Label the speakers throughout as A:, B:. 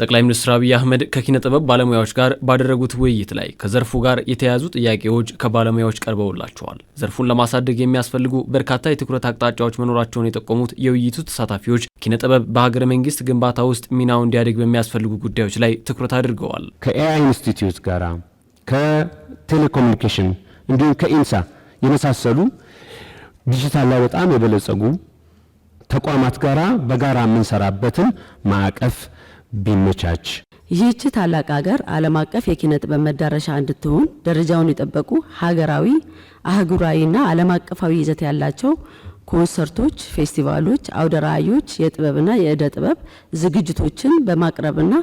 A: ጠቅላይ ሚኒስትር አብይ አህመድ ከኪነ ጥበብ ባለሙያዎች ጋር ባደረጉት ውይይት ላይ ከዘርፉ ጋር የተያያዙ ጥያቄዎች ከባለሙያዎች ቀርበውላቸዋል። ዘርፉን ለማሳደግ የሚያስፈልጉ በርካታ የትኩረት አቅጣጫዎች መኖራቸውን የጠቆሙት የውይይቱ ተሳታፊዎች ኪነ ጥበብ በሀገረ መንግስት ግንባታ ውስጥ ሚናው እንዲያድግ በሚያስፈልጉ ጉዳዮች ላይ ትኩረት አድርገዋል።
B: ከኤአይ ኢንስቲትዩት ጋር ከቴሌኮሙኒኬሽን እንዲሁም ከኢንሳ የመሳሰሉ ዲጂታል ላይ በጣም የበለጸጉ ተቋማት ጋራ በጋራ የምንሰራበትን ማዕቀፍ ቢመቻች
C: ይህች ታላቅ ሀገር ዓለም አቀፍ የኪነ ጥበብ መዳረሻ እንድትሆን ደረጃውን የጠበቁ ሀገራዊ፣ አህጉራዊና ዓለም አቀፋዊ ይዘት ያላቸው ኮንሰርቶች፣ ፌስቲቫሎች፣ አውደ የጥበብና የእደ ጥበብ ዝግጅቶችን በማቅረብና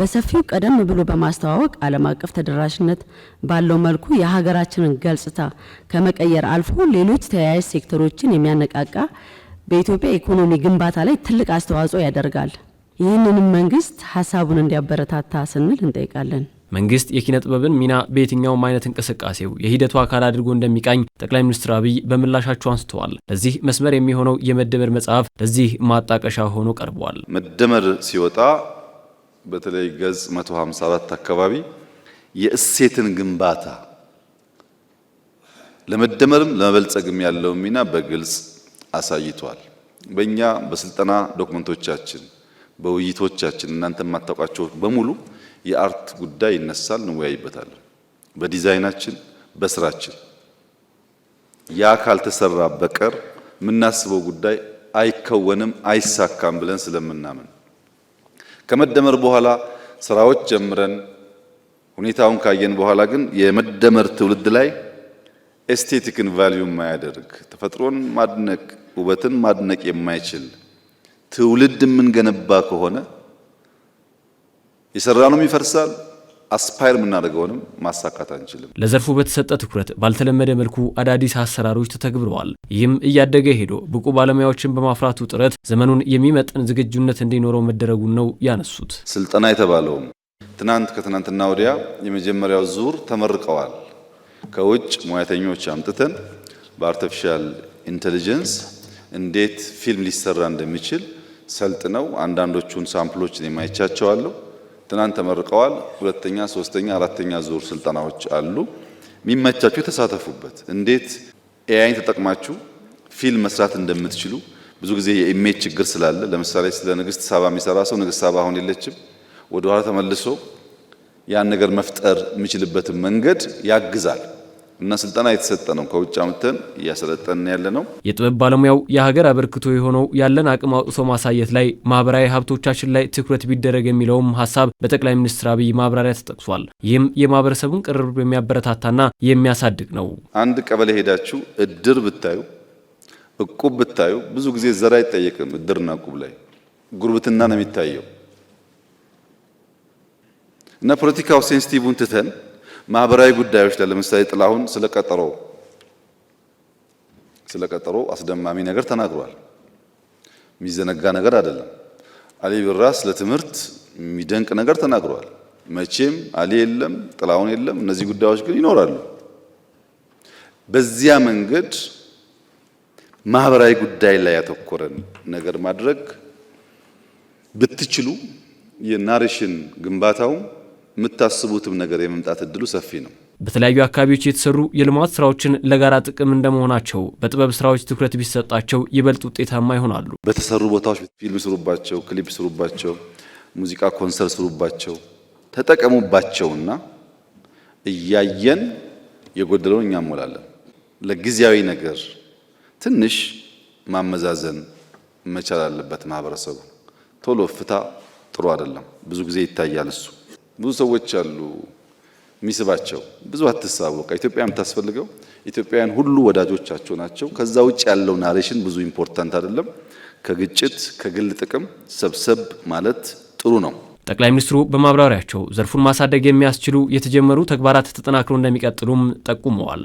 C: በሰፊው ቀደም ብሎ በማስተዋወቅ ዓለም አቀፍ ተደራሽነት ባለው መልኩ የሀገራችንን ገጽታ ከመቀየር አልፎ ሌሎች ተያያዥ ሴክተሮችን የሚያነቃቃ በኢትዮጵያ ኢኮኖሚ ግንባታ ላይ ትልቅ አስተዋጽኦ ያደርጋል። ይህንንም መንግስት ሀሳቡን እንዲያበረታታ ስንል እንጠይቃለን።
A: መንግስት የኪነ ጥበብን ሚና በየትኛውም አይነት እንቅስቃሴው የሂደቱ አካል አድርጎ እንደሚቃኝ ጠቅላይ ሚኒስትር አብይ በምላሻቸው አንስተዋል። ለዚህ መስመር የሚሆነው የመደመር መጽሐፍ ለዚህ ማጣቀሻ ሆኖ ቀርቧል።
D: መደመር ሲወጣ በተለይ ገጽ 154 አካባቢ የእሴትን ግንባታ ለመደመርም ለመበልጸግም ያለውን ሚና በግልጽ አሳይቷል። በእኛ በስልጠና ዶክመንቶቻችን በውይይቶቻችን እናንተ የማታውቃቸው በሙሉ የአርት ጉዳይ ይነሳል፣ እንወያይበታለን። በዲዛይናችን በስራችን ያ ካልተሰራ በቀር የምናስበው ጉዳይ አይከወንም፣ አይሳካም ብለን ስለምናምን ከመደመር በኋላ ስራዎች ጀምረን ሁኔታውን ካየን በኋላ ግን የመደመር ትውልድ ላይ ኤስቴቲክን ቫልዩ የማያደርግ ተፈጥሮን ማድነቅ ውበትን ማድነቅ የማይችል ትውልድ የምንገነባ ከሆነ የሰራነውም ይፈርሳል። አስፓይር የምናደርገውንም ማሳካት አንችልም።
A: ለዘርፉ በተሰጠ ትኩረት ባልተለመደ መልኩ አዳዲስ አሰራሮች ተተግብረዋል። ይህም እያደገ ሄዶ ብቁ ባለሙያዎችን በማፍራቱ ጥረት ዘመኑን የሚመጥን ዝግጁነት እንዲኖረው መደረጉን ነው ያነሱት።
D: ስልጠና የተባለውም ትናንት ከትናንትና ወዲያ የመጀመሪያው ዙር ተመርቀዋል። ከውጭ ሙያተኞች አምጥተን በአርቲፊሻል ኢንቴሊጀንስ እንዴት ፊልም ሊሰራ እንደሚችል ሰልጥነው አንዳንዶቹን ሳምፕሎች ማይቻቸዋለሁ። ትናንት ተመርቀዋል። ሁለተኛ፣ ሶስተኛ፣ አራተኛ ዙር ስልጠናዎች አሉ። የሚመቻችሁ የተሳተፉበት እንዴት ኤአይን ተጠቅማችሁ ፊልም መስራት እንደምትችሉ ብዙ ጊዜ የኢሜጅ ችግር ስላለ፣ ለምሳሌ ስለ ንግስት ሳባ የሚሰራ ሰው ንግስት ሳባ አሁን የለችም፣ ወደኋላ ተመልሶ ያን ነገር መፍጠር የሚችልበትን መንገድ ያግዛል። እና ስልጠና የተሰጠ ነው። ከውጭ አምጥተን እያሰለጠን ያለ ነው።
A: የጥበብ ባለሙያው የሀገር አበርክቶ የሆነው ያለን አቅም አውጥቶ ማሳየት ላይ ማህበራዊ ሀብቶቻችን ላይ ትኩረት ቢደረግ የሚለውም ሀሳብ በጠቅላይ ሚኒስትር አብይ ማብራሪያ ተጠቅሷል። ይህም የማህበረሰቡን ቅርርብ የሚያበረታታና የሚያሳድግ ነው።
D: አንድ ቀበሌ ሄዳችሁ እድር ብታዩ፣ እቁብ ብታዩ ብዙ ጊዜ ዘር አይጠየቅም። እድርና እቁብ ላይ ጉርብትና ነው የሚታየው እና ፖለቲካው ሴንስቲቭን ትተን ማህበራዊ ጉዳዮች ላይ ለምሳሌ ጥላሁን ስለቀጠሮ ስለቀጠሮ አስደማሚ ነገር ተናግሯል። የሚዘነጋ ነገር አይደለም። አሊ ብራ ስለ ትምህርት የሚደንቅ ነገር ተናግሯል። መቼም አሊ የለም፣ ጥላሁን የለም። እነዚህ ጉዳዮች ግን ይኖራሉ። በዚያ መንገድ ማህበራዊ ጉዳይ ላይ ያተኮረን ነገር ማድረግ ብትችሉ የናሬሽን ግንባታውም የምታስቡትም ነገር የመምጣት እድሉ ሰፊ ነው።
A: በተለያዩ አካባቢዎች የተሰሩ የልማት ስራዎችን ለጋራ ጥቅም እንደመሆናቸው በጥበብ ስራዎች ትኩረት ቢሰጣቸው ይበልጥ ውጤታማ ይሆናሉ።
D: በተሰሩ ቦታዎች ፊልም ስሩባቸው፣ ክሊፕ ስሩባቸው፣ ሙዚቃ ኮንሰርት ስሩባቸው፣ ተጠቀሙባቸውና እያየን የጎደለውን እኛ ሞላለን። ለጊዜያዊ ነገር ትንሽ ማመዛዘን መቻል አለበት ማህበረሰቡ። ቶሎ ፍታ ጥሩ አይደለም። ብዙ ጊዜ ይታያል እሱ ብዙ ሰዎች አሉ የሚስባቸው ብዙ አትሳቡ። ኢትዮጵያ የምታስፈልገው ኢትዮጵያውያን ሁሉ ወዳጆቻቸው ናቸው። ከዛ ውጭ ያለው ናሬሽን ብዙ ኢምፖርታንት አይደለም። ከግጭት ከግል ጥቅም ሰብሰብ ማለት ጥሩ ነው።
A: ጠቅላይ ሚኒስትሩ በማብራሪያቸው ዘርፉን ማሳደግ የሚያስችሉ የተጀመሩ ተግባራት ተጠናክሮ እንደሚቀጥሉም ጠቁመዋል።